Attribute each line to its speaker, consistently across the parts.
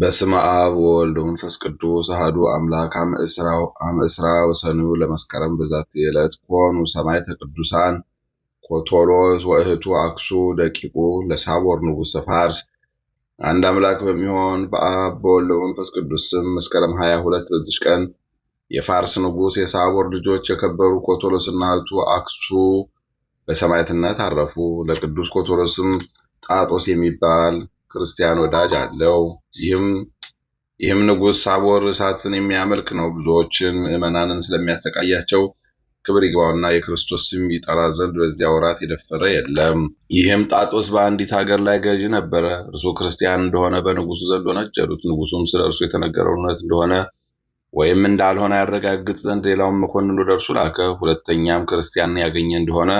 Speaker 1: በስመ አብ ወወልድ ወመንፈስ ቅዱስ አሐዱ አምላክ አመ ዕስራ ወሰኑ ለመስከረም በዛቲ ዕለት ኮኑ ሰማይ ቅዱሳን ኮቶሎስ ወእህቱ አክሱ ደቂቁ ለሳቦር ንጉሠ ፋርስ። አንድ አምላክ በሚሆን በአብ በወልድ በመንፈስ ቅዱስ ስም መስከረም 22 ሁለት በዚች ቀን የፋርስ ንጉሥ የሳቦር ልጆች የከበሩ ኮቶሎስና እህቱ አክሱ በሰማዕትነት አረፉ። ለቅዱስ ኮቶሎስም ጣጦስ የሚባል ክርስቲያን ወዳጅ አለው። ይህም ይህም ንጉሥ ሳቦር እሳትን የሚያመልክ ነው። ብዙዎችን ምዕመናንን ስለሚያሰቃያቸው ክብር ይግባውና የክርስቶስ ስም ይጠራ ዘንድ በዚያ ወራት የደፈረ የለም። ይህም ጣጦስ በአንዲት ሀገር ላይ ገዢ ነበረ። እርሱ ክርስቲያን እንደሆነ በንጉሱ ዘንድ ወነጀሉት። ንጉሱም ስለ እርሱ የተነገረው እውነት እንደሆነ ወይም እንዳልሆነ ያረጋግጥ ዘንድ ሌላውን መኮንን ወደ እርሱ ላከ። ሁለተኛም ክርስቲያን ያገኘ እንደሆነ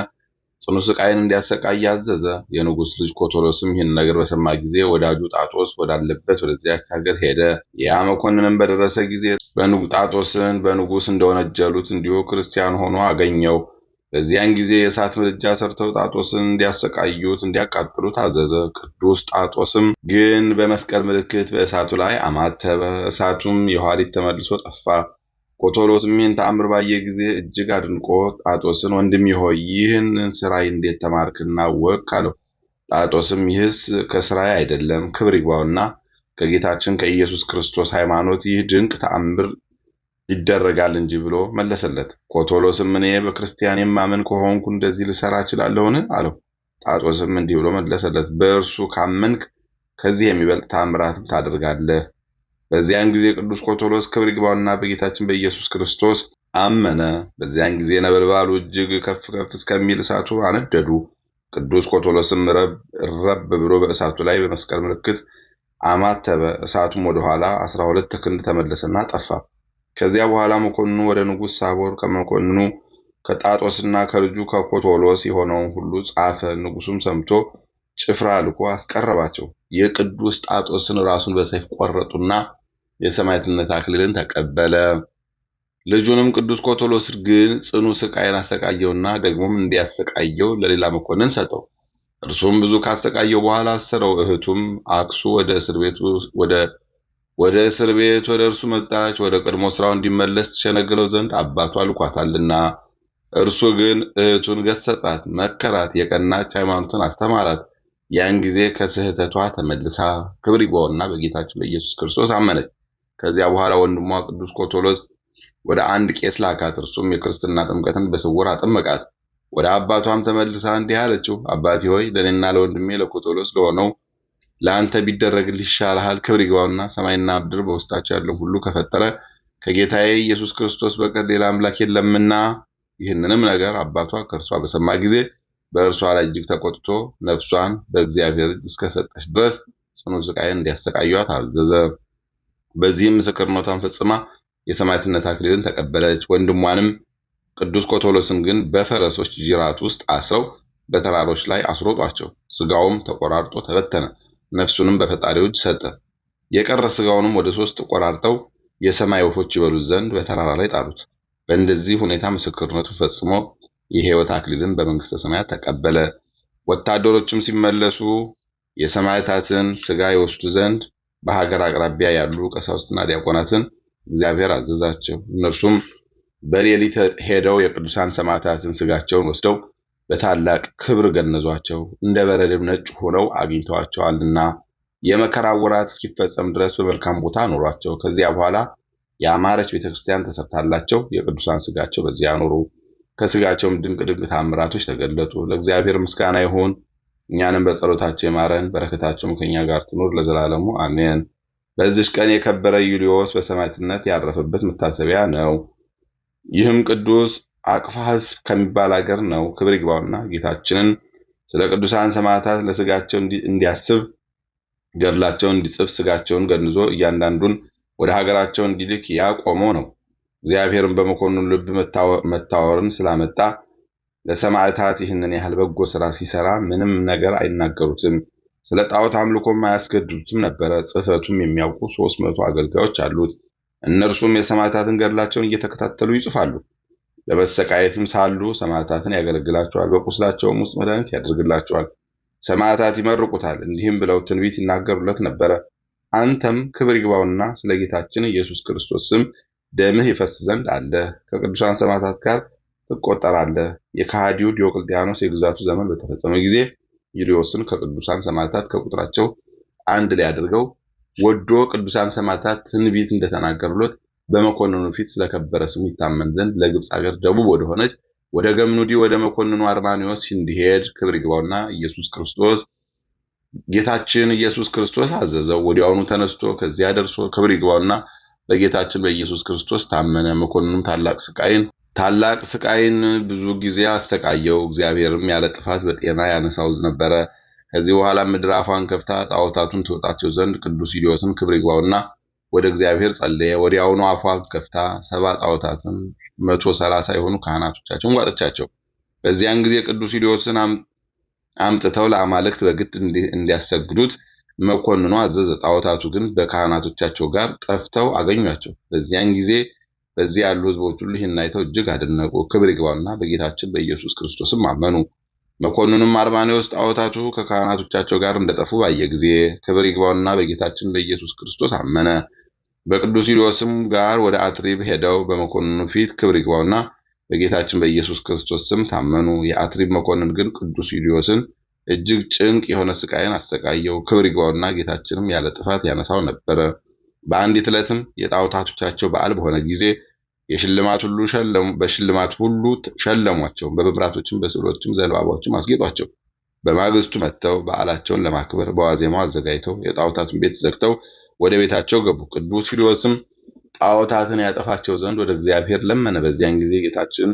Speaker 1: ጽኑ ስቃይን እንዲያሰቃይ አዘዘ። የንጉሥ ልጅ ኮቶሮስም ይህን ነገር በሰማ ጊዜ ወዳጁ ጣጦስ ወዳለበት ወደዚያች ሀገር ሄደ። ያ መኮንንም በደረሰ ጊዜ ጣጦስን በንጉሥ እንደወነጀሉት እንዲሁ ክርስቲያን ሆኖ አገኘው። በዚያን ጊዜ የእሳት ምድጃ ሰርተው ጣጦስን እንዲያሰቃዩት፣ እንዲያቃጥሉት አዘዘ። ቅዱስ ጣጦስም ግን በመስቀል ምልክት በእሳቱ ላይ አማተበ። እሳቱም የኋሊት ተመልሶ ጠፋ። ቆቶሎስም ተአምር ባየ ጊዜ እጅግ አድንቆ ጣጦስን ወንድሜ ሆይ ይህንን ስራ እንዴት ተማርክና ወቅ አለው። ጣጦስም ይህስ ከስራ አይደለም፣ ክብር ይግባውና ከጌታችን ከኢየሱስ ክርስቶስ ሃይማኖት ይህ ድንቅ ተአምር ይደረጋል እንጂ ብሎ መለሰለት። ቆቶሎስም እኔ በክርስቲያን የማምን ከሆንኩ እንደዚህ ልሰራ እችላለሁን? አለው። ጣጦስም እንዲህ ብሎ መለሰለት፣ በእርሱ ካመንክ ከዚህ የሚበልጥ ተአምራትን ታደርጋለህ በዚያን ጊዜ ቅዱስ ቆቶሎስ ክብር ይግባውና በጌታችን በኢየሱስ ክርስቶስ አመነ። በዚያን ጊዜ ነበልባሉ እጅግ ከፍ ከፍ እስከሚል እሳቱ አነደዱ። ቅዱስ ቆቶሎስም ረብ ብሎ በእሳቱ ላይ በመስቀል ምልክት አማተበ። እሳቱም ወደኋላ አስራ ሁለት ክንድ ተመለሰና ጠፋ። ከዚያ በኋላ መኮንኑ ወደ ንጉሥ ሳቦር ከመኮንኑ ከጣጦስና ከልጁ ከኮቶሎስ የሆነውን ሁሉ ጻፈ። ንጉሱም ሰምቶ ጭፍራ ልኮ አስቀረባቸው። የቅዱስ ጣጦስን ራሱን በሰይፍ ቆረጡና የሰማዕትነት አክሊልን ተቀበለ። ልጁንም ቅዱስ ኮቶሎስ ግን ጽኑ ስቃይን አሰቃየውና ደግሞም እንዲያሰቃየው ለሌላ መኮንን ሰጠው። እርሱም ብዙ ካሰቃየው በኋላ አሰረው። እህቱም አክሱ ወደ እስር ቤት ወደ እስር ቤት ወደ እርሱ መጣች። ወደ ቀድሞ ስራው እንዲመለስ ትሸነግለው ዘንድ አባቷ ልኳታልና። እርሱ ግን እህቱን ገሰጻት፣ መከራት፣ የቀናች ሃይማኖትን አስተማራት። ያን ጊዜ ከስህተቷ ተመልሳ ክብር ይግባውና በጌታችን በኢየሱስ ክርስቶስ አመነች። ከዚያ በኋላ ወንድሟ ቅዱስ ኮቶሎስ ወደ አንድ ቄስ ላካት። እርሱም የክርስትና ጥምቀትን በስውር አጠመቃት። ወደ አባቷም ተመልሳ እንዲህ አለችው፣ አባቴ ሆይ ለእኔና ለወንድሜ ለኮቶሎስ ለሆነው ለአንተ ቢደረግልህ ይሻልሃል። ክብር ይግባውና ሰማይና ምድር በውስጣቸው ያለው ሁሉ ከፈጠረ ከጌታዬ ኢየሱስ ክርስቶስ በቀር ሌላ አምላክ የለምና። ይህንንም ነገር አባቷ ከእርሷ በሰማ ጊዜ በእርሷ ላይ እጅግ ተቆጥቶ ነፍሷን በእግዚአብሔር እጅ እስከሰጠች ድረስ ጽኑ ስቃይን እንዲያሰቃዩት አዘዘ። በዚህም ምስክርነቷን ፈጽማ የሰማዕትነት አክሊልን ተቀበለች። ወንድሟንም ቅዱስ ኮቶሎስን ግን በፈረሶች ጅራት ውስጥ አስረው በተራሮች ላይ አስሮጧቸው። ስጋውም ተቆራርጦ ተበተነ። ነፍሱንም በፈጣሪው እጅ ሰጠ። የቀረ ስጋውንም ወደ ሶስት ቆራርጠው የሰማይ ወፎች ይበሉት ዘንድ በተራራ ላይ ጣሉት። በእንደዚህ ሁኔታ ምስክርነቱን ፈጽሞ የሕይወት አክሊልን በመንግስተ ሰማያት ተቀበለ። ወታደሮችም ሲመለሱ የሰማዕታትን ስጋ ይወስዱ ዘንድ በሀገር አቅራቢያ ያሉ ቀሳውስትና ዲያቆናትን እግዚአብሔር አዘዛቸው። እነርሱም በሌሊት ሄደው የቅዱሳን ሰማዕታትን ስጋቸውን ወስደው በታላቅ ክብር ገነዟቸው። እንደ በረድም ነጭ ሆነው አግኝተዋቸዋልና የመከራ ወራት እስኪፈጸም ድረስ በመልካም ቦታ አኖሯቸው። ከዚያ በኋላ የአማረች ቤተክርስቲያን ተሰርታላቸው የቅዱሳን ስጋቸው በዚያ አኖሩ። ከስጋቸውም ድንቅ ድንቅ ታምራቶች ተገለጡ። ለእግዚአብሔር ምስጋና ይሁን። እኛንም በጸሎታቸው የማረን፣ በረከታቸውም ከኛ ጋር ትኑር ለዘላለሙ አሜን። በዚች ቀን የከበረ ዩልዮስ በሰማዕትነት ያረፈበት መታሰቢያ ነው። ይህም ቅዱስ አቅፋህስ ከሚባል አገር ነው። ክብር ይግባውና ጌታችንን ስለ ቅዱሳን ሰማዕታት ለስጋቸው እንዲያስብ ገድላቸውን እንዲጽፍ ስጋቸውን ገንዞ እያንዳንዱን ወደ ሀገራቸው እንዲልክ ያቆመው ነው። እግዚአብሔርን በመኮንኑ ልብ መታወርን ስላመጣ ለሰማዕታት ይህንን ያህል በጎ ስራ ሲሰራ ምንም ነገር አይናገሩትም። ስለ ጣዖት አምልኮም አያስገድሉትም ነበረ። ጽህፈቱም የሚያውቁ ሶስት መቶ አገልጋዮች አሉት። እነርሱም የሰማዕታትን ገድላቸውን እየተከታተሉ ይጽፋሉ። ለመሰቃየትም ሳሉ ሰማዕታትን ያገለግላቸዋል። በቁስላቸውም ውስጥ መድኃኒት ያደርግላቸዋል። ሰማዕታት ይመርቁታል፣ እንዲህም ብለው ትንቢት ይናገሩለት ነበረ። አንተም ክብር ይግባውና ስለ ጌታችን ኢየሱስ ክርስቶስ ስም ደምህ ይፈስ ዘንድ አለ ከቅዱሳን ሰማዕታት ጋር ትቆጠራለህ። የከሃዲው ዲዮቅልጥያኖስ የግዛቱ ዘመን በተፈጸመ ጊዜ ዩልዮስን ከቅዱሳን ሰማዕታት ከቁጥራቸው አንድ ላይ አድርገው ወዶ ቅዱሳን ሰማዕታት ትንቢት እንደተናገሩለት በመኮንኑ ፊት ስለከበረ ስሙ ይታመን ዘንድ ለግብፅ ሀገር ደቡብ ወደሆነች ወደ ገምኑዲ ወደ መኮንኑ አርማኒዎስ እንዲሄድ ክብር ይግባውና ኢየሱስ ክርስቶስ ጌታችን ኢየሱስ ክርስቶስ አዘዘው። ወዲያውኑ ተነስቶ ከዚያ ደርሶ ክብር ይግባውና በጌታችን በኢየሱስ ክርስቶስ ታመነ። መኮንኑም ታላቅ ስቃይን ታላቅ ስቃይን ብዙ ጊዜ አስተቃየው እግዚአብሔርም ያለ ጥፋት በጤና ያነሳው ነበረ። ከዚህ በኋላ ምድር አፏን ከፍታ ጣዖታቱን ትወጣቸው ዘንድ ቅዱስ ዩልዮስን ክብር ይግባውና ወደ እግዚአብሔር ጸለየ። ወዲያውኑ አፏን ከፍታ ሰባ ጣዖታትን መቶ ሰላሳ የሆኑ ካህናቶቻቸውን ጓጠቻቸው። በዚያን ጊዜ ቅዱስ ዩልዮስን አምጥተው ለአማልክት በግድ እንዲያሰግዱት መኮንኑ አዘዘ። ጣዖታቱ ግን በካህናቶቻቸው ጋር ጠፍተው አገኟቸው። በዚያን ጊዜ በዚህ ያሉ ህዝቦች ሁሉ ይህን አይተው እጅግ አደነቁ። ክብር ይግባውና በጌታችን በኢየሱስ ክርስቶስም አመኑ። መኮንኑም አርማኔዎስ ጣዖታቱ ከካህናቶቻቸው ጋር እንደጠፉ ባየ ጊዜ ክብር ይግባውና በጌታችን በኢየሱስ ክርስቶስ አመነ። በቅዱስ ዩልዮስም ጋር ወደ አትሪብ ሄደው በመኮንኑ ፊት ክብር ይግባውና በጌታችን በኢየሱስ ክርስቶስ ስም ታመኑ። የአትሪብ መኮንን ግን ቅዱስ ዩልዮስን እጅግ ጭንቅ የሆነ ስቃይን አሰቃየው። ክብር ይግባውና ጌታችንም ያለ ጥፋት ያነሳው ነበረ። በአንዲት ዕለትም የጣዖታቶቻቸው በዓል በሆነ ጊዜ የሽልማት ሁሉ በሽልማት ሁሉ ሸለሟቸው። በመብራቶችም በስዕሎችም ዘንባባዎችም አስጌጧቸው። በማግስቱ መጥተው በዓላቸውን ለማክበር በዋዜማው አዘጋጅተው የጣዖታቱን ቤት ዘግተው ወደ ቤታቸው ገቡ። ቅዱስ ፊልዎስም ጣዖታትን ያጠፋቸው ዘንድ ወደ እግዚአብሔር ለመነ። በዚያን ጊዜ ጌታችን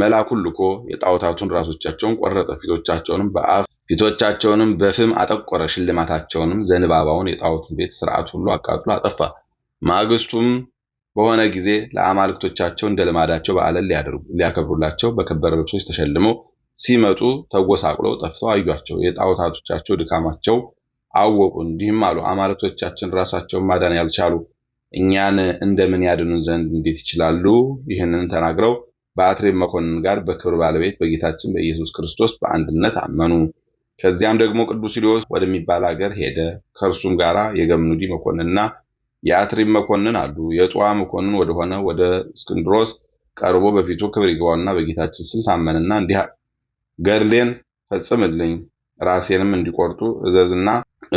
Speaker 1: መልአኩን ልኮ የጣዖታቱን ራሶቻቸውን ቆረጠ፣ ፊቶቻቸውንም በአፍ ፊቶቻቸውንም በፍም አጠቆረ። ሽልማታቸውንም ዘንባባውን፣ የጣዖቱን ቤት ስርዓት ሁሉ አቃጥሎ አጠፋ። ማግስቱም በሆነ ጊዜ ለአማልክቶቻቸው እንደ ልማዳቸው በዓልን ሊያከብሩላቸው በከበረ ልብሶች ተሸልመው ሲመጡ ተጎሳቅለው ጠፍተው አዩቸው። የጣዖታቶቻቸው ድካማቸው አወቁ። እንዲህም አሉ፣ አማልክቶቻችን ራሳቸውን ማዳን ያልቻሉ እኛን እንደምን ያድኑን ዘንድ እንዴት ይችላሉ? ይህንን ተናግረው በአትሬም መኮንን ጋር በክብር ባለቤት በጌታችን በኢየሱስ ክርስቶስ በአንድነት አመኑ። ከዚያም ደግሞ ቅዱስ ሊዮስ ወደሚባል ሀገር ሄደ። ከእርሱም ጋራ የገምኑዲ መኮንንና የአትሪም መኮንን አሉ። የጠዋ መኮንን ወደሆነ ወደ እስክንድሮስ ቀርቦ በፊቱ ክብር ይግባውና በጌታችን ስም ታመንና እንዲህ ገድሌን ፈጽምልኝ ራሴንም እንዲቆርጡ እዘዝና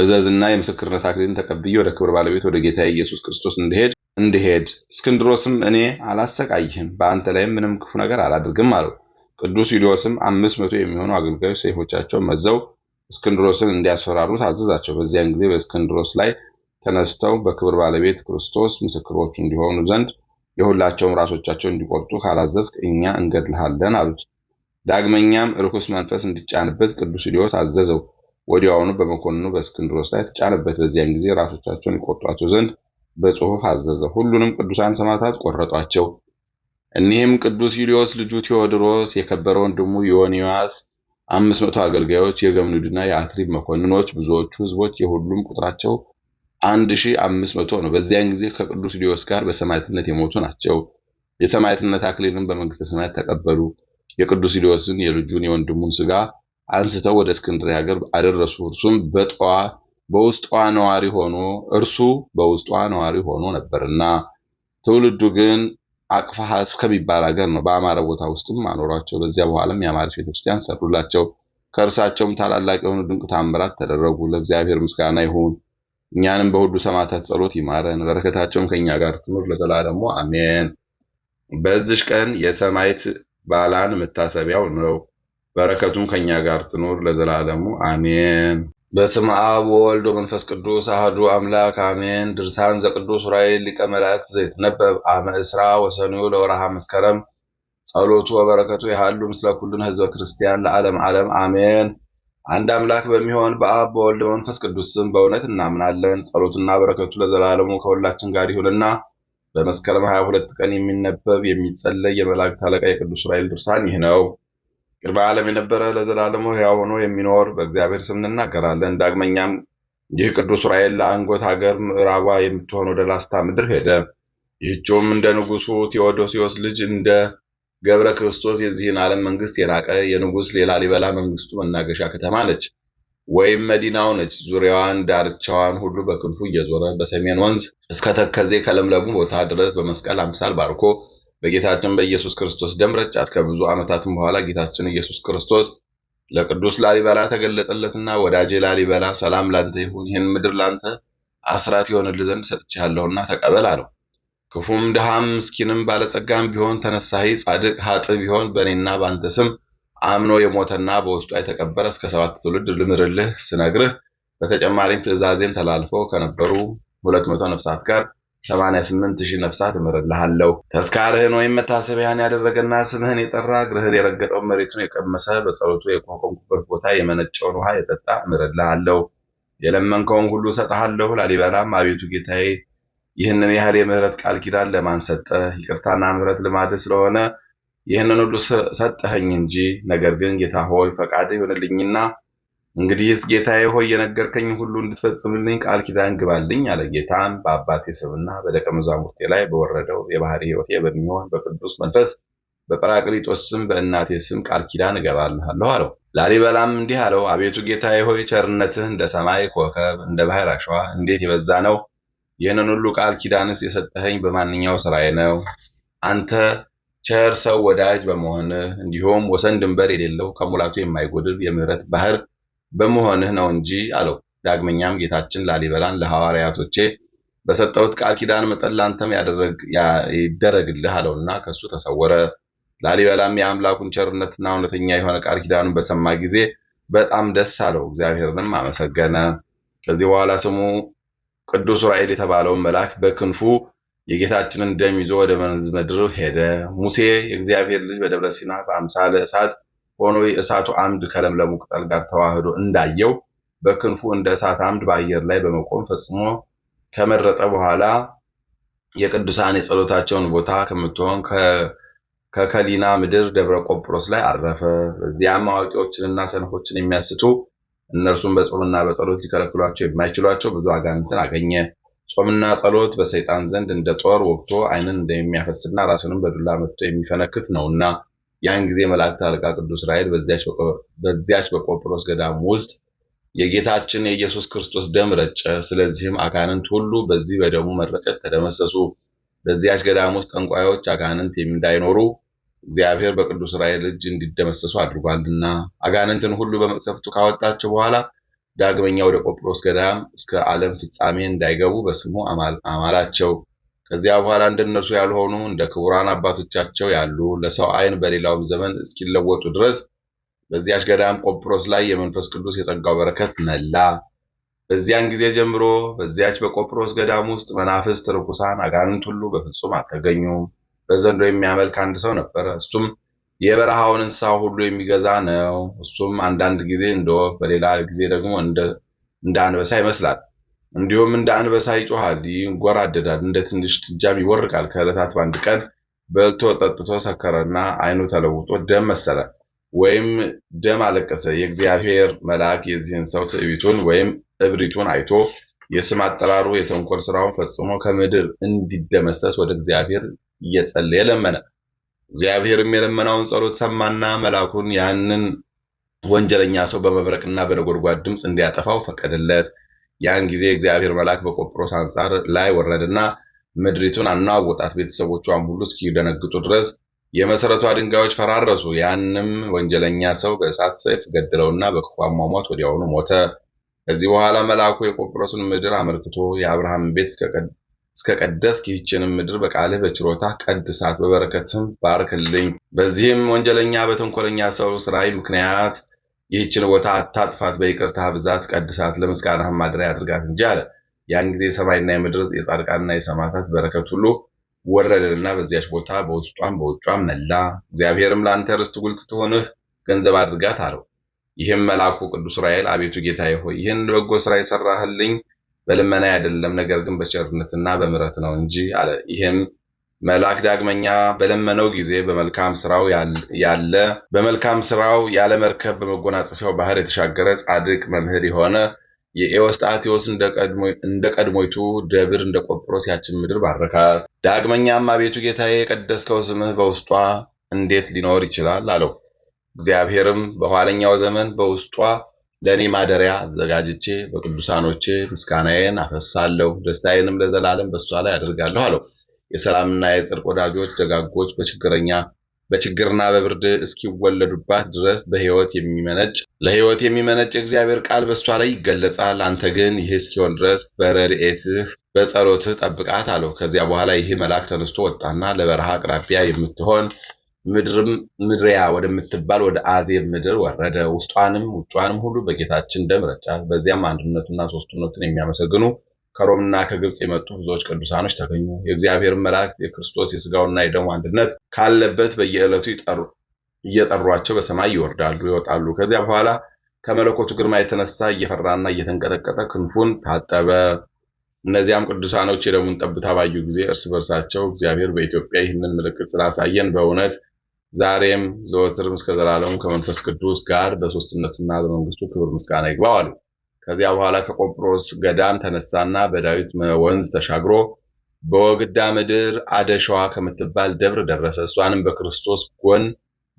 Speaker 1: እዘዝና የምስክርነት አክሊልን ተቀብዬ ወደ ክብር ባለቤት ወደ ጌታ ኢየሱስ ክርስቶስ እንድሄድ እንድሄድ እስክንድሮስም እኔ አላሰቃይህም፣ በአንተ ላይም ምንም ክፉ ነገር አላድርግም አለው። ቅዱስ ዩልዮስም አምስት መቶ የሚሆኑ አገልጋዮች ሰይፎቻቸው መዘው እስክንድሮስን እንዲያስፈራሩ ታዘዛቸው። በዚያን ጊዜ በእስክንድሮስ ላይ ተነስተው በክብር ባለቤት ክርስቶስ ምስክሮቹ እንዲሆኑ ዘንድ የሁላቸውም ራሶቻቸው እንዲቆርጡ ካላዘዝክ እኛ እንገድልሃለን አሉት። ዳግመኛም ርኩስ መንፈስ እንዲጫንበት ቅዱስ ሊዮስ አዘዘው። ወዲያውኑ በመኮንኑ በእስክንድሮስ ላይ ተጫነበት። በዚያን ጊዜ ራሶቻቸውን ይቆርጧቸው ዘንድ በጽሑፍ አዘዘው። ሁሉንም ቅዱሳን ሰማዕታት ቆረጧቸው። እኒህም ቅዱስ ዩልዮስ ልጁ ቴዎድሮስ፣ የከበረ ወንድሙ ዮኒዋስ፣ አምስት መቶ አገልጋዮች፣ የገምኑድና የአትሪብ መኮንኖች፣ ብዙዎቹ ህዝቦች የሁሉም ቁጥራቸው አንድ ሺ አምስት መቶ ነው። በዚያን ጊዜ ከቅዱስ ሊዮስ ጋር በሰማዕትነት የሞቱ ናቸው። የሰማዕትነት አክሊልን በመንግስተ ሰማያት ተቀበሉ። የቅዱስ ዲዮስን የልጁን የወንድሙን ስጋ አንስተው ወደ እስክንድርያ ሀገር አደረሱ። እርሱም በጠዋ በውስጧ ነዋሪ ሆኖ እርሱ በውስጧ ነዋሪ ሆኖ ነበርና ትውልዱ ግን አቅፋ ከሚባል ሀገር ነው። በአማረ ቦታ ውስጥም አኖሯቸው። በዚያ በኋላም የአማረች ቤተክርስቲያን ሰሩላቸው። ከእርሳቸውም ታላላቅ የሆኑ ድንቅ ታምራት ተደረጉ። ለእግዚአብሔር ምስጋና ይሁን። እኛንም በሁሉ ሰማዕታት ጸሎት ይማረን፣ በረከታቸውም ከእኛ ጋር ትኑር ለዘላለሙ አሜን። በዚች ቀን የሰማዕት ባላን መታሰቢያው ነው። በረከቱም ከእኛ ጋር ትኑር ለዘላለሙ አሜን። በስመ አብ ወወልድ ወመንፈስ ቅዱስ አህዱ አምላክ አሜን። ድርሳን ዘቅዱስ ዑራኤል ሊቀ መላእክት ዘይትነበብ አመ እስራ ወሰኑ ለወርሃ መስከረም ጸሎቱ ወበረከቱ ይሃሉ ምስለ ኩልነ ህዝበ ክርስቲያን ለዓለም ዓለም አሜን። አንድ አምላክ በሚሆን በአብ በወልድ በመንፈስ ቅዱስ ስም በእውነት እናምናለን። ጸሎትና በረከቱ ለዘላለሙ ከሁላችን ጋር ይሁንና በመስከረም 22 ቀን የሚነበብ የሚጸለይ የመላእክት አለቃ የቅዱስ ዑራኤል ድርሳን ይህ ነው። ቅድመ ዓለም የነበረ ለዘላለሙ ሕያው ሆኖ የሚኖር በእግዚአብሔር ስም እንናገራለን። ዳግመኛም ይህ ቅዱስ ዑራኤል ለአንጎት ሀገር ምዕራቧ የምትሆን ወደ ላስታ ምድር ሄደ። ይህችውም እንደ ንጉሱ ቴዎዶሲዎስ ልጅ እንደ ገብረ ክርስቶስ የዚህን ዓለም መንግስት የናቀ ሌላ ሊበላ መንግስቱ መናገሻ ከተማ ነች ወይም መዲናው ነች። ዙሪያዋን ዳርቻዋን ሁሉ በክንፉ እየዞረ በሰሜን ወንዝ እስከ ተከዜ ከለምለሙ ቦታ ድረስ በመስቀል አምሳል ባርኮ በጌታችን በኢየሱስ ክርስቶስ ደም ረጫት። ከብዙ ዓመታትም በኋላ ጌታችን ኢየሱስ ክርስቶስ ለቅዱስ ላሊበላ ተገለጸለትና ወዳጄ ላሊበላ ሰላም ላንተ ይሁን፣ ይህን ምድር ላንተ አስራት ይሆንልህ ዘንድ ሰጥቼሃለሁና ተቀበል አለው። ክፉም ድሃም ምስኪንም ባለጸጋም ቢሆን ተነሳሂ ጻድቅ ሀጥ ቢሆን በእኔና በአንተ ስም አምኖ የሞተና በውስጡ የተቀበረ እስከ ሰባት ትውልድ ልምርልህ ስነግርህ በተጨማሪም ትእዛዜን ተላልፈው ከነበሩ ሁለት መቶ ነፍሳት ጋር 88 ሺህ ነፍሳት እምርልሃለሁ። ተስካርህን ወይም መታሰቢያህን ያደረገና ስምህን የጠራ እግርህን የረገጠው መሬቱን የቀመሰ በጸሎቱ የቆምኩበት ቦታ የመነጨውን ውሃ የጠጣ እምርልሃለሁ። የለመንከውን ሁሉ እሰጥሃለሁ። ላሊበላም አቤቱ ጌታዬ ይህንን ያህል የምህረት ቃል ኪዳን ለማን ሰጠህ? ይቅርታና ምህረት ልማድህ ስለሆነ ይህንን ሁሉ ሰጠኸኝ እንጂ። ነገር ግን ጌታ ሆይ ፈቃድህ ይሆንልኝና እንግዲህስ ጌታዬ ሆይ የነገርከኝ ሁሉ እንድትፈጽምልኝ ቃል ኪዳን ግባልኝ አለ። ጌታም በአባቴ ስምና በደቀ መዛሙርቴ ላይ በወረደው የባህር ሕይወቴ በሚሆን በቅዱስ መንፈስ በጰራቅሊጦስ ስም በእናቴ ስም ቃል ኪዳን እገባልሃለሁ አለው። ላሊበላም እንዲህ አለው፣ አቤቱ ጌታዬ ሆይ ቸርነትህ እንደ ሰማይ ኮከብ እንደ ባህር አሸዋ እንዴት የበዛ ነው! ይህንን ሁሉ ቃል ኪዳንስ የሰጠኸኝ በማንኛው ስራዬ ነው? አንተ ቸር ሰው ወዳጅ በመሆንህ እንዲሁም ወሰን ድንበር የሌለው ከሙላቱ የማይጎድል የምሕረት ባህር በመሆንህ ነው እንጂ አለው። ዳግመኛም ጌታችን ላሊበላን ለሐዋርያቶቼ በሰጠሁት ቃል ኪዳን መጠን ላንተም ይደረግልህ አለውና ከሱ ተሰወረ። ላሊበላም የአምላኩን ቸርነትና እውነተኛ የሆነ ቃል ኪዳኑን በሰማ ጊዜ በጣም ደስ አለው፣ እግዚአብሔርንም አመሰገነ። ከዚህ በኋላ ስሙ ቅዱስ ዑራኤል የተባለውን መልአክ በክንፉ የጌታችንን ደም ይዞ ወደ መንዝ ምድር ሄደ። ሙሴ የእግዚአብሔር ልጅ በደብረ ሲና በአምሳለ እሳት ሆኖ የእሳቱ አምድ ከለምለሙ ቅጠል ጋር ተዋህዶ እንዳየው በክንፉ እንደ እሳት አምድ በአየር ላይ በመቆም ፈጽሞ ከመረጠ በኋላ የቅዱሳን የጸሎታቸውን ቦታ ከምትሆን ከከሊና ምድር ደብረ ቆጵሮስ ላይ አረፈ። በዚያም አዋቂዎችንና ሰነፎችን የሚያስቱ እነርሱም በጾምና በጸሎት ሊከለክሏቸው የማይችሏቸው ብዙ አጋንንትን አገኘ። ጾምና ጸሎት በሰይጣን ዘንድ እንደ ጦር ወቅቶ ዓይንን እንደሚያፈስና ራስንም በዱላ መጥቶ የሚፈነክት ነውና ያን ጊዜ መላእክት አለቃ ቅዱስ ራኤል በዚያች በቆጵሮስ ገዳም ውስጥ የጌታችን የኢየሱስ ክርስቶስ ደም ረጨ። ስለዚህም አጋንንት ሁሉ በዚህ በደሙ መረጨት ተደመሰሱ። በዚያች ገዳም ውስጥ ጠንቋዮች አጋንንት እንዳይኖሩ እግዚአብሔር በቅዱስ እስራኤል እጅ እንዲደመሰሱ አድርጓልና አጋንንትን ሁሉ በመቅሰፍቱ ካወጣቸው በኋላ ዳግመኛ ወደ ቆጵሮስ ገዳም እስከ ዓለም ፍጻሜ እንዳይገቡ በስሙ አማላቸው። ከዚያ በኋላ እንደነርሱ ያልሆኑ እንደ ክቡራን አባቶቻቸው ያሉ ለሰው ዓይን በሌላውም ዘመን እስኪለወጡ ድረስ በዚያች ገዳም ቆጵሮስ ላይ የመንፈስ ቅዱስ የጸጋው በረከት መላ። በዚያን ጊዜ ጀምሮ በዚያች በቆጵሮስ ገዳም ውስጥ መናፍስት፣ ርኩሳን፣ አጋንንት ሁሉ በፍጹም አልተገኙም። በዘንዶ የሚያመልክ አንድ ሰው ነበረ። እሱም የበረሃውን እንስሳ ሁሉ የሚገዛ ነው። እሱም አንዳንድ ጊዜ እንደ ወፍ፣ በሌላ ጊዜ ደግሞ እንደ አንበሳ ይመስላል። እንዲሁም እንደ አንበሳ ይጮሃል፣ ይንጎራደዳል፣ እንደ ትንሽ ጥጃም ይወርቃል። ከዕለታት በአንድ ቀን በልቶ ጠጥቶ ሰከረና አይኑ ተለውጦ ደም መሰለ ወይም ደም አለቀሰ። የእግዚአብሔር መልአክ የዚህን ሰው ትዕቢቱን ወይም እብሪቱን አይቶ የስም አጠራሩ የተንኮል ስራውን ፈጽሞ ከምድር እንዲደመሰስ ወደ እግዚአብሔር እየጸለየ ለመነ። እግዚአብሔርም የለመናውን ጸሎት ሰማና መልአኩን ያንን ወንጀለኛ ሰው በመብረቅና በነጎድጓድ ድምፅ እንዲያጠፋው ፈቀደለት። ያን ጊዜ እግዚአብሔር መልአክ በቆጵሮስ አንጻር ላይ ወረደና ምድሪቱን አናወጣት፣ ቤተሰቦቿን ሁሉ እስኪደነግጡ ድረስ የመሰረቷ ድንጋዮች ፈራረሱ። ያንም ወንጀለኛ ሰው በእሳት ሰይፍ ገድለውና በክፉ አሟሟት ወዲያውኑ ሞተ። ከዚህ በኋላ መልአኩ የቆጵሮስን ምድር አመልክቶ የአብርሃምን ቤት እስከ ቀደስክ ይህችንም ምድር በቃልህ በችሮታ ቀድሳት፣ በበረከትም ባርክልኝ። በዚህም ወንጀለኛ በተንኮለኛ ሰው ስራይ ምክንያት ይህችን ቦታ አታጥፋት፣ በይቅርታ ብዛት ቀድሳት፣ ለምስጋና ማደሪያ አድርጋት እንጂ አለ። ያን ጊዜ የሰማይና የምድር የጻድቃንና የሰማዕታት በረከት ሁሉ ወረደልና በዚያች ቦታ በውስጧም በውጯም መላ። እግዚአብሔርም ለአንተ ርስት ጉልት ትሆንህ ገንዘብ አድርጋት አለው። ይህም መልአኩ ቅዱስ ራኤል አቤቱ ጌታ ሆይ ይህን በጎ ስራ የሰራህልኝ በልመና አይደለም፣ ነገር ግን በቸርነትና በምረት ነው እንጂ አለ። ይህም መልአክ ዳግመኛ በለመነው ጊዜ በመልካም ስራው ያለ በመልካም ስራው ያለ መርከብ በመጎናጸፊያው ባህር የተሻገረ ጻድቅ መምህር የሆነ የኤዎስጣቴዎስ እንደ ቀድሞይቱ ደብር እንደ ቆጵሮስ ያችን ምድር ባረካት። ዳግመኛም አቤቱ ጌታዬ የቀደስከው ስምህ በውስጧ እንዴት ሊኖር ይችላል አለው። እግዚአብሔርም በኋለኛው ዘመን በውስጧ ለእኔ ማደሪያ አዘጋጅቼ በቅዱሳኖቼ ምስጋናዬን አፈሳለሁ፣ ደስታዬንም ለዘላለም በእሷ ላይ አድርጋለሁ አለው። የሰላምና የጽድቅ ወዳጆች ደጋጎች በችግረኛ በችግርና በብርድ እስኪወለዱባት ድረስ በሕይወት የሚመነጭ ለሕይወት የሚመነጭ የእግዚአብሔር ቃል በእሷ ላይ ይገለጻል። አንተ ግን ይህ እስኪሆን ድረስ በረድኤትህ በጸሎትህ ጠብቃት አለው። ከዚያ በኋላ ይህ መልአክ ተነስቶ ወጣና ለበረሃ አቅራቢያ የምትሆን ምድርም ምድሪያ ወደምትባል ወደ አዜብ ምድር ወረደ። ውስጧንም ውጯንም ሁሉ በጌታችን ደም ረጫ። በዚያም አንድነቱና ሦስትነቱን የሚያመሰግኑ ከሮምና ከግብፅ የመጡ ብዙዎች ቅዱሳኖች ተገኙ። የእግዚአብሔር መላእክት የክርስቶስ የስጋውና የደሙ አንድነት ካለበት በየዕለቱ እየጠሯቸው በሰማይ ይወርዳሉ፣ ይወጣሉ። ከዚያ በኋላ ከመለኮቱ ግርማ የተነሳ እየፈራና እየተንቀጠቀጠ ክንፉን ታጠበ። እነዚያም ቅዱሳኖች የደሙን ጠብታ ባዩ ጊዜ እርስ በርሳቸው እግዚአብሔር በኢትዮጵያ ይህንን ምልክት ስላሳየን በእውነት ዛሬም ዘወትርም እስከ ዘላለሙ ከመንፈስ ቅዱስ ጋር በሶስትነቱና በመንግስቱ ክብር ምስጋና ይግባው አሉ። ከዚያ በኋላ ከቆጵሮስ ገዳም ተነሳና በዳዊት ወንዝ ተሻግሮ በወግዳ ምድር አደሸዋ ከምትባል ደብር ደረሰ። እሷንም በክርስቶስ ጎን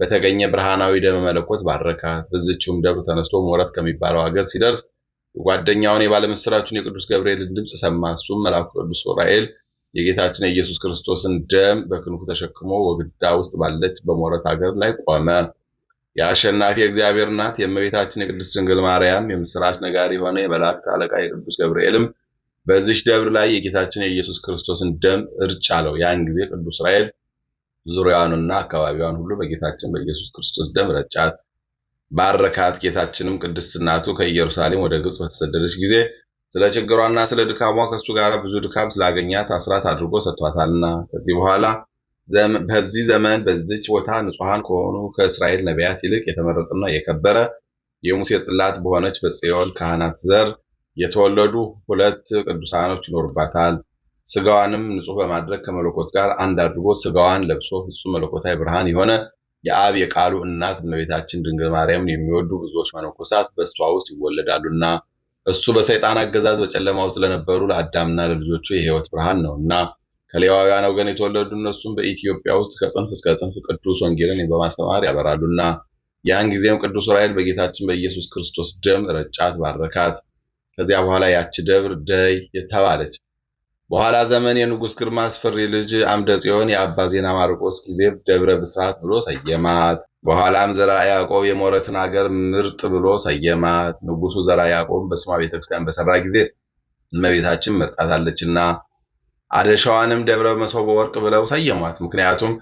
Speaker 1: በተገኘ ብርሃናዊ ደመ መለኮት ባረካት። በዚችውም ደብር ተነስቶ ሞረት ከሚባለው ሀገር ሲደርስ የጓደኛውን የባለምስራቹን የቅዱስ ገብርኤልን ድምፅ ሰማ። እሱም መልአኩ ቅዱስ ዑራኤል የጌታችን የኢየሱስ ክርስቶስን ደም በክንፉ ተሸክሞ ወግዳ ውስጥ ባለች በሞረት ሀገር ላይ ቆመ። የአሸናፊ እግዚአብሔር እናት የእመቤታችን የቅድስት ድንግል ማርያም የምስራች ነጋሪ የሆነ የመላእክት አለቃ የቅዱስ ገብርኤልም በዚች ደብር ላይ የጌታችን የኢየሱስ ክርስቶስን ደም እርጭ አለው። ያን ጊዜ ቅዱስ እስራኤል ዙሪያዋንና አካባቢዋን ሁሉ በጌታችን በኢየሱስ ክርስቶስ ደም ረጫት፣ ባረካት። ጌታችንም ቅድስት እናቱ ከኢየሩሳሌም ወደ ግብፅ በተሰደደች ጊዜ ስለ ችግሯና ስለ ድካሟ ከእሱ ጋር ብዙ ድካም ስላገኛት አስራት አድርጎ ሰጥቷታልና ከዚህ በኋላ በዚህ ዘመን በዚች ቦታ ንጹሐን ከሆኑ ከእስራኤል ነቢያት ይልቅ የተመረጠና የከበረ የሙሴ ጽላት በሆነች በጽዮን ካህናት ዘር የተወለዱ ሁለት ቅዱሳኖች ይኖርባታል። ስጋዋንም ንጹህ በማድረግ ከመለኮት ጋር አንድ አድርጎ ስጋዋን ለብሶ ፍጹም መለኮታዊ ብርሃን የሆነ የአብ የቃሉ እናት እመቤታችን ድንግል ማርያምን የሚወዱ ብዙዎች መነኮሳት በእሷ ውስጥ ይወለዳሉና እሱ በሰይጣን አገዛዝ በጨለማ ውስጥ ለነበሩ ለአዳምና ለልጆቹ የህይወት ብርሃን ነው እና ከሌዋውያን ወገን የተወለዱ እነሱም በኢትዮጵያ ውስጥ ከጽንፍ እስከ ጽንፍ ቅዱስ ወንጌልን በማስተማር ያበራሉና ያን ጊዜም ቅዱስ ራይል በጌታችን በኢየሱስ ክርስቶስ ደም ረጫት፣ ባረካት። ከዚያ በኋላ ያቺ ደብር ደይ የተባለች። በኋላ ዘመን የንጉሥ ግርማ አስፈሪ ልጅ አምደ ጽዮን የአባ ዜና ማርቆስ ጊዜ ደብረ ብስራት ብሎ ሰየማት። በኋላም ዘራ ያዕቆብ የሞረትን አገር ምርጥ ብሎ ሰየማት። ንጉሱ ዘራ ያዕቆብ በስሟ ቤተክርስቲያን በሰራ ጊዜ እመቤታችን መርጣታለችና አደሻዋንም ደብረ መሶበ ወርቅ ብለው ሰየሟት። ምክንያቱም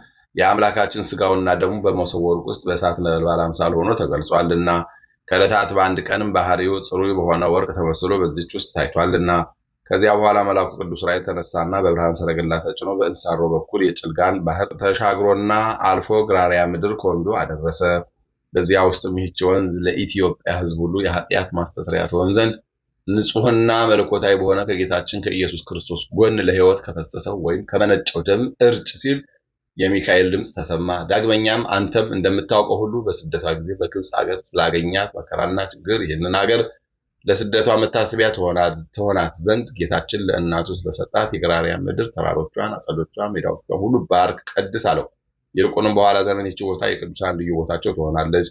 Speaker 1: የአምላካችን ስጋውና ደግሞ በመሶበ ወርቅ ውስጥ በእሳት ነበልባል አምሳል ሆኖ ተገልጿልና ከዕለታት በአንድ ቀንም ባህሪው ጽሩይ በሆነ ወርቅ ተመስሎ በዚች ውስጥ ታይቷልና ከዚያ በኋላ መልአኩ ቅዱስ ራእይ ተነሳና በብርሃን ሰረገላ ተጭኖ በእንሳሮ በኩል የጭልጋን ባህር ተሻግሮና አልፎ ግራሪያ ምድር ኮንዶ አደረሰ። በዚያ ውስጥም ይህች ወንዝ ለኢትዮጵያ ሕዝብ ሁሉ የኃጢአት ማስተሰሪያ ትሆን ዘንድ ንጹህና መለኮታዊ በሆነ ከጌታችን ከኢየሱስ ክርስቶስ ጎን ለሕይወት ከፈሰሰው ወይም ከመነጨው ደም እርጭ ሲል የሚካኤል ድምፅ ተሰማ። ዳግመኛም አንተም እንደምታውቀው ሁሉ በስደቷ ጊዜ በግብፅ አገር ስላገኛት መከራና ችግር ይህንን አገር ለስደቷ መታሰቢያ ትሆናት ዘንድ ጌታችን ለእናቱ ስለሰጣት የግራሪያ ምድር ተራሮቿን፣ አጸዶቿን፣ ሜዳዎቿን ሁሉ ባርክ፣ ቀድስ አለው። ይልቁንም በኋላ ዘመን ይቺ ቦታ የቅዱሳን ልዩ ቦታቸው ትሆናለች።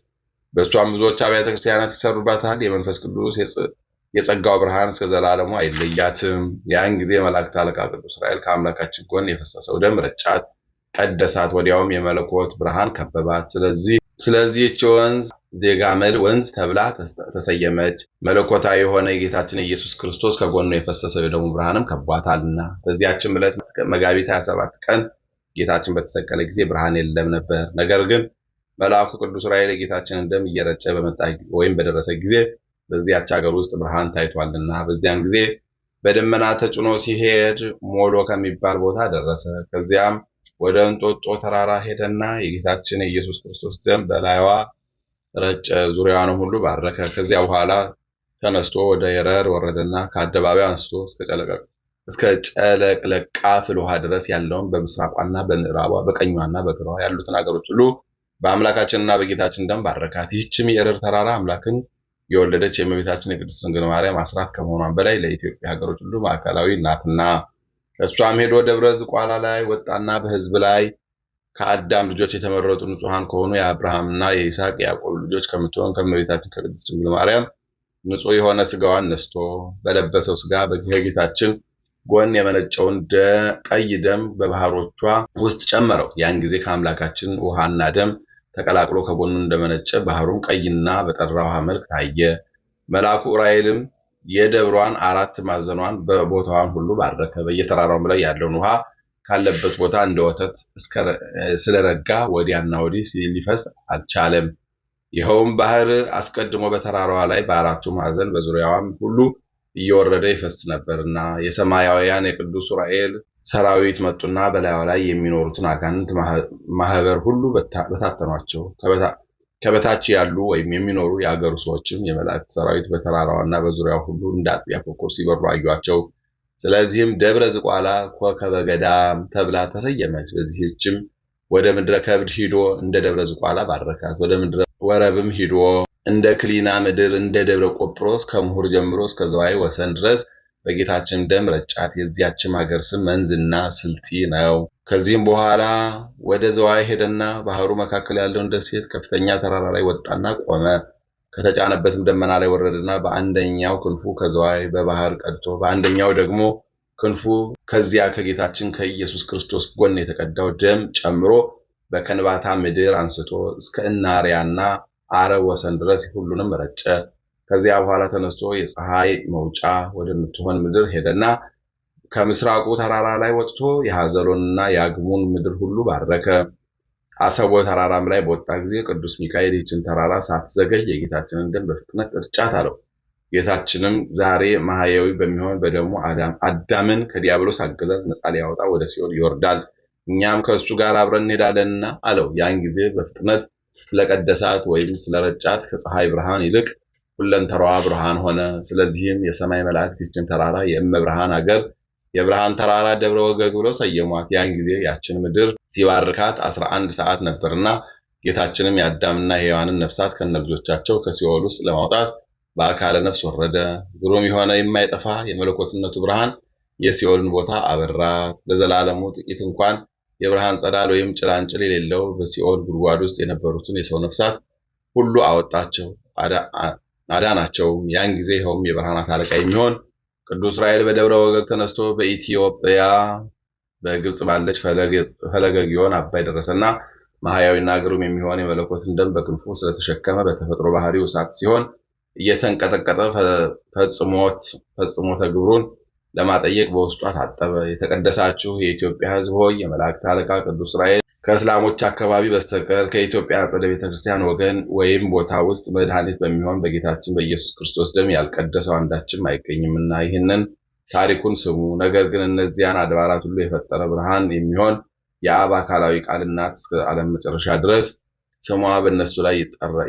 Speaker 1: በእሷም ብዙዎች አብያተ ክርስቲያናት ይሰሩባታል። የመንፈስ ቅዱስ የጸጋው ብርሃን እስከ ዘላለሙ አይለያትም። ያን ጊዜ መላእክት አለቃ ቅዱስ እስራኤል ከአምላካችን ጎን የፈሰሰው ደም ረጫት፣ ቀደሳት። ወዲያውም የመለኮት ብርሃን ከበባት። ስለዚህ ስለዚህች ወንዝ ዜጋ መድ ወንዝ ተብላ ተሰየመች። መለኮታዊ የሆነ የጌታችን ኢየሱስ ክርስቶስ ከጎኑ የፈሰሰው የደሙ ብርሃንም ከቧታልና በዚያችን ዕለት መጋቢት 27 ቀን ጌታችን በተሰቀለ ጊዜ ብርሃን የለም ነበር። ነገር ግን መልአኩ ቅዱስ ዑራኤል የጌታችንን ደም እየረጨ በመጣ ወይም በደረሰ ጊዜ በዚያች ሀገር ውስጥ ብርሃን ታይቷልና በዚያን ጊዜ በደመና ተጭኖ ሲሄድ ሞሎ ከሚባል ቦታ ደረሰ። ከዚያም ወደ እንጦጦ ተራራ ሄደና የጌታችን የኢየሱስ ክርስቶስ ደም በላይዋ ረጨ፣ ዙሪያዋንም ሁሉ ባረከ። ከዚያ በኋላ ተነስቶ ወደ የረር ወረደና ከአደባባይ አንስቶ እስከ ጨለቅለቃ ፍል ውሃ ድረስ ያለውን በምስራቋና በምዕራቧ በቀኟና በግራዋ ያሉትን አገሮች ሁሉ በአምላካችንና በጌታችን ደም ባረካት። ይህችም የእርር ተራራ አምላክን የወለደች የእመቤታችን የቅድስት ድንግል ማርያም አስራት ከመሆኗን በላይ ለኢትዮጵያ ሀገሮች ሁሉ ማዕከላዊ ናትና። እሷም ሄዶ ደብረ ዝቋላ ላይ ወጣና በሕዝብ ላይ ከአዳም ልጆች የተመረጡ ንጹሐን ከሆኑ የአብርሃምና የይስሐቅ የያዕቆብ ልጆች ከምትሆን ከእመቤታችን ከቅድስት ድንግል ማርያም ንጹሕ የሆነ ስጋዋን ነስቶ በለበሰው ስጋ ከጌታችን ጎን የመነጨውን ቀይ ደም በባህሮቿ ውስጥ ጨመረው። ያን ጊዜ ከአምላካችን ውሃና ደም ተቀላቅሎ ከጎኑ እንደመነጨ ባህሩም ቀይና በጠራ ውሃ መልክ ታየ። መልአኩ ዑራኤልም የደብሯን አራት ማዕዘኗን በቦታዋን ሁሉ ባረከ። በየተራራውም ላይ ያለውን ውሃ ካለበት ቦታ እንደ ወተት ስለረጋ ወዲያና ወዲህ ሊፈስ አልቻለም። ይኸውም ባህር አስቀድሞ በተራራዋ ላይ በአራቱ ማዕዘን በዙሪያዋም ሁሉ እየወረደ ይፈስ ነበርና የሰማያውያን የቅዱስ ዑራኤል ሰራዊት መጡና በላዩ ላይ የሚኖሩትን አጋንንት ማህበር ሁሉ በታተኗቸው። ከበታች ያሉ ወይም የሚኖሩ የአገሩ ሰዎችም የመላእክት ሰራዊት በተራራዋና በዙሪያው ሁሉ እንደ አጥቢያ ኮከብ ሲበሩ አዩቸው። ስለዚህም ደብረ ዝቋላ ኮከበ ገዳም ተብላ ተሰየመች። በዚህችም ወደ ምድረ ከብድ ሂዶ እንደ ደብረ ዝቋላ ባረካት። ወደ ምድረ ወረብም ሂዶ እንደ ክሊና ምድር እንደ ደብረ ቆጵሮስ ከምሁር ጀምሮ እስከ ዘዋይ ወሰን ድረስ በጌታችን ደም ረጫት። የዚያችም ሀገር ስም መንዝና ስልጢ ነው። ከዚህም በኋላ ወደ ዘዋይ ሄደና ባህሩ መካከል ያለውን ደሴት ከፍተኛ ተራራ ላይ ወጣና ቆመ። ከተጫነበትም ደመና ላይ ወረደና በአንደኛው ክንፉ ከዘዋይ በባህር ቀድቶ በአንደኛው ደግሞ ክንፉ ከዚያ ከጌታችን ከኢየሱስ ክርስቶስ ጎን የተቀዳው ደም ጨምሮ በከንባታ ምድር አንስቶ እስከ እናሪያና አረብ ወሰን ድረስ ሁሉንም ረጨ። ከዚያ በኋላ ተነስቶ የፀሐይ መውጫ ወደምትሆን ምድር ሄደና ከምስራቁ ተራራ ላይ ወጥቶ የሐዘሎንና የአግሙን ምድር ሁሉ ባረከ። አሰቦ ተራራም ላይ በወጣ ጊዜ ቅዱስ ሚካኤል ይችን ተራራ ሳትዘገይ የጌታችንን ደም በፍጥነት እርጫት አለው። ጌታችንም ዛሬ ማህያዊ በሚሆን በደሙ አዳምን ከዲያብሎስ አገዛዝ ነፃ ሊያወጣ ወደ ሲኦል ይወርዳል፣ እኛም ከእሱ ጋር አብረን እንሄዳለንና አለው። ያን ጊዜ በፍጥነት ስለቀደሳት ወይም ስለረጫት ከፀሐይ ብርሃን ይልቅ ሁለንተራዋ ብርሃን ሆነ። ስለዚህም የሰማይ መላእክት ይችን ተራራ የእመ ብርሃን አገር የብርሃን ተራራ ደብረ ወገግ ብለው ሰየሟት። ያን ጊዜ ያችን ምድር ሲባርካት አስራ አንድ ሰዓት ነበርና ጌታችንም የአዳምና የሔዋንን ነፍሳት ከነልጆቻቸው ከሲኦል ውስጥ ለማውጣት በአካለ ነፍስ ወረደ። ግሩም የሆነ የማይጠፋ የመለኮትነቱ ብርሃን የሲኦልን ቦታ አበራት። ለዘላለሙ ጥቂት እንኳን የብርሃን ጸዳል ወይም ጭላንጭል የሌለው በሲኦል ጉድጓድ ውስጥ የነበሩትን የሰው ነፍሳት ሁሉ አወጣቸው፣ አዳናቸውም። ያን ጊዜ ይኸውም የብርሃናት አለቃ የሚሆን ቅዱስ ራሔል በደብረ ወገግ ተነስቶ በኢትዮጵያ በግብጽ ባለች ፈለገ ጊዮን አባይ ደረሰና ማህያዊና ግሩም የሚሆን የመለኮትን ደም በክንፉ ስለተሸከመ በተፈጥሮ ባህሪ እሳት ሲሆን እየተንቀጠቀጠ ፈጽሞተ ግብሩን ለማጠየቅ በውስጧ ታጠበ። የተቀደሳችሁ የኢትዮጵያ ሕዝብ ሆይ የመላእክት አለቃ ቅዱስ ራኤል ከእስላሞች አካባቢ በስተቀር ከኢትዮጵያ አጸደ ቤተ ክርስቲያን ወገን ወይም ቦታ ውስጥ መድኃኒት በሚሆን በጌታችን በኢየሱስ ክርስቶስ ደም ያልቀደሰው አንዳችም እና ይህንን ታሪኩን ስሙ። ነገር ግን እነዚያን አድባራት ሁሉ የፈጠረ ብርሃን የሚሆን የአብ አካላዊ ቃል እናት እስከ ዓለም መጨረሻ ድረስ ስሟ በእነሱ ላይ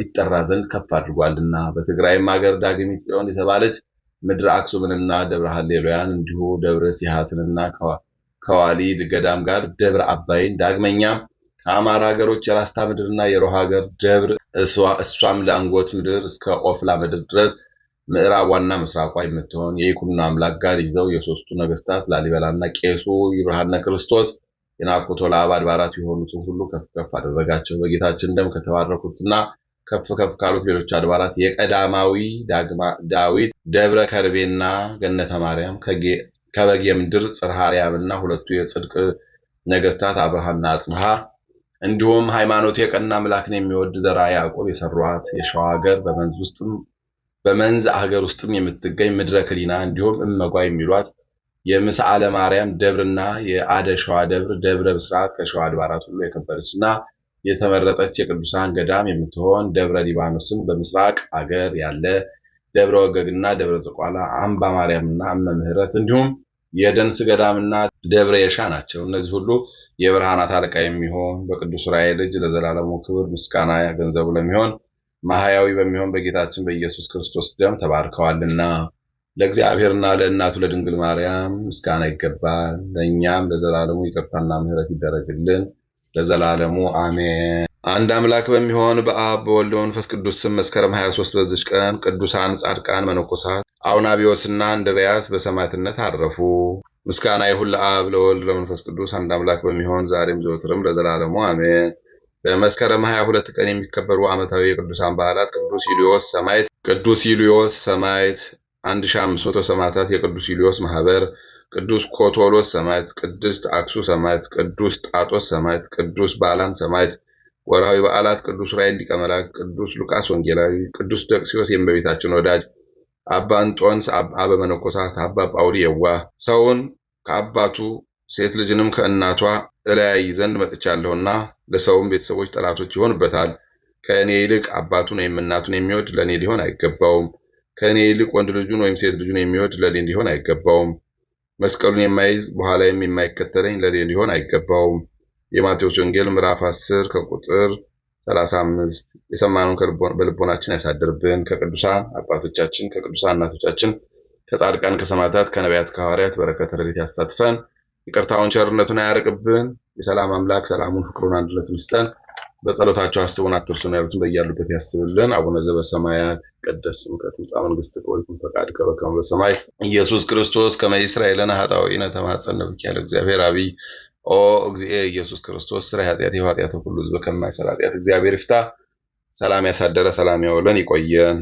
Speaker 1: ይጠራ ዘንድ ከፍ አድርጓልና በትግራይም ሀገር ዳግሚት ጽዮን የተባለች ምድር አክሱምንና ደብረ ሀሌሉያን እንዲሁ ደብረ ሲሃትንና ከዋሊድ ገዳም ጋር ደብረ አባይን ዳግመኛ ከአማራ ሀገሮች የራስታ ምድርና የሮሃ ሀገር ደብር እሷም ለአንጎት ምድር እስከ ኦፍላ ምድር ድረስ ምዕራብ ዋና ምስራቋ የምትሆን የይኩኖ አምላክ ጋር ይዘው የሶስቱ ነገስታት ላሊበላና ቄሱ ይብርሃነ ክርስቶስ የናኩቶ ለአብ አድባራት የሆኑትን ሁሉ ከፍ ከፍ አደረጋቸው። በጌታችን ደም ከተባረኩትና ከፍ ከፍ ካሉት ሌሎች አድባራት የቀዳማዊ ዳዊት ደብረ ከርቤና ገነተ ማርያም ከበጌ ምድር ጽርሐ አርያምና ሁለቱ የጽድቅ ነገስታት አብርሃና አጽብሃ እንዲሁም ሃይማኖቱ የቀና አምላክን የሚወድ ዘራ ያዕቆብ የሰሯት የሸዋ ሀገር በመንዝ አገር ውስጥም የምትገኝ ምድረ ክሊና እንዲሁም እመጓ የሚሏት የምስዓለ ማርያም ደብርና የአደ ሸዋ ደብር ደብረ ብስራት ከሸዋ አድባራት ሁሉ እና የተመረጠች የቅዱሳን ገዳም የምትሆን ደብረ ሊባኖስም በምስራቅ አገር ያለ ደብረ ወገግና ደብረ ዝቋላ አምባ ማርያምና እመ ምህረት እንዲሁም የደንስ ገዳምና ደብረ የሻ ናቸው። እነዚህ ሁሉ የብርሃናት አለቃ የሚሆን በቅዱስ ራእይ ልጅ ለዘላለሙ ክብር ምስጋና ገንዘቡ ለሚሆን ማህያዊ በሚሆን በጌታችን በኢየሱስ ክርስቶስ ደም ተባርከዋልና ለእግዚአብሔርና ለእናቱ ለድንግል ማርያም ምስጋና ይገባል። ለእኛም ለዘላለሙ ይቅርታና ምሕረት ይደረግልን ለዘላለሙ አሜን። አንድ አምላክ በሚሆን በአብ በወልድ በመንፈስ ቅዱስ ስም መስከረም 23 በዚች ቀን ቅዱሳን ጻድቃን መነኮሳት አውናቢዎስና እንድርያስ በሰማዕትነት አረፉ። ምስጋና ይሁን ለአብ ለወልድ ለመንፈስ ቅዱስ አንድ አምላክ በሚሆን ዛሬም ዘወትርም ለዘላለሙ አሜን። በመስከረም 22 ቀን የሚከበሩ ዓመታዊ የቅዱሳን በዓላት ቅዱስ ኢልዮስ ሰማዕት፣ ቅዱስ ኢልዮስ ሰማዕት 1500 ሰማዕታት፣ የቅዱስ ኢልዮስ ማህበር፣ ቅዱስ ኮቶሎስ ሰማዕት፣ ቅድስት አክሱ ሰማዕት፣ ቅዱስ ጣጦስ ሰማዕት፣ ቅዱስ ባላን ሰማዕት ወርሃዊ በዓላት ቅዱስ ዑራኤል ሊቀ መላእክት፣ ቅዱስ ሉቃስ ወንጌላዊ፣ ቅዱስ ደቅሲዮስ የእመቤታችን ወዳጅ፣ አባ እንጦንስ አበ መነኮሳት፣ አባ ጳውሊ የዋ ሰውን ከአባቱ ሴት ልጅንም ከእናቷ እለያይ ዘንድ መጥቻለሁና ለሰውም ቤተሰቦች ጠላቶች ይሆኑበታል። ከእኔ ይልቅ አባቱን ወይም እናቱን የሚወድ ለእኔ ሊሆን አይገባውም። ከእኔ ይልቅ ወንድ ልጁን ወይም ሴት ልጁን የሚወድ ለእኔ ሊሆን አይገባውም። መስቀሉን የማይዝ በኋላይም የማይከተለኝ ለእኔ ሊሆን አይገባውም። የማቴዎስ ወንጌል ምዕራፍ 10 ከቁጥር 35 የሰማነውን በልቦናችን ያሳድርብን። ከቅዱሳን አባቶቻችን፣ ከቅዱሳን እናቶቻችን፣ ከጻድቃን፣ ከሰማዕታት፣ ከነቢያት፣ ከሐዋርያት በረከት ረድኤት ያሳትፈን። ይቅርታውን ቸርነቱን አያርቅብን። የሰላም አምላክ ሰላሙን፣ ፍቅሩን፣ አንድነቱን ይስጠን። በጸሎታቸው አስቡን አትርሱን ያሉትን በያሉበት ያስብልን። አቡነ ዘበሰማያት ይትቀደስ ስምከ ትምጻእ መንግሥትከ ወይኩን ፈቃድከ በከመ በሰማይ ኢየሱስ ክርስቶስ ከመ ይስራኤልን ኃጣውኢነ ተማጸን ነብኪ ያለ እግዚአብሔር አብይ ኦ እግዚኤ ኢየሱስ ክርስቶስ ስራ ኃጢአት የኃጢአቱ ሁሉ ህዝበ ከማይሰራ ኃጢአት እግዚአብሔር ይፍታ። ሰላም ያሳደረ ሰላም ያውለን ይቆየን።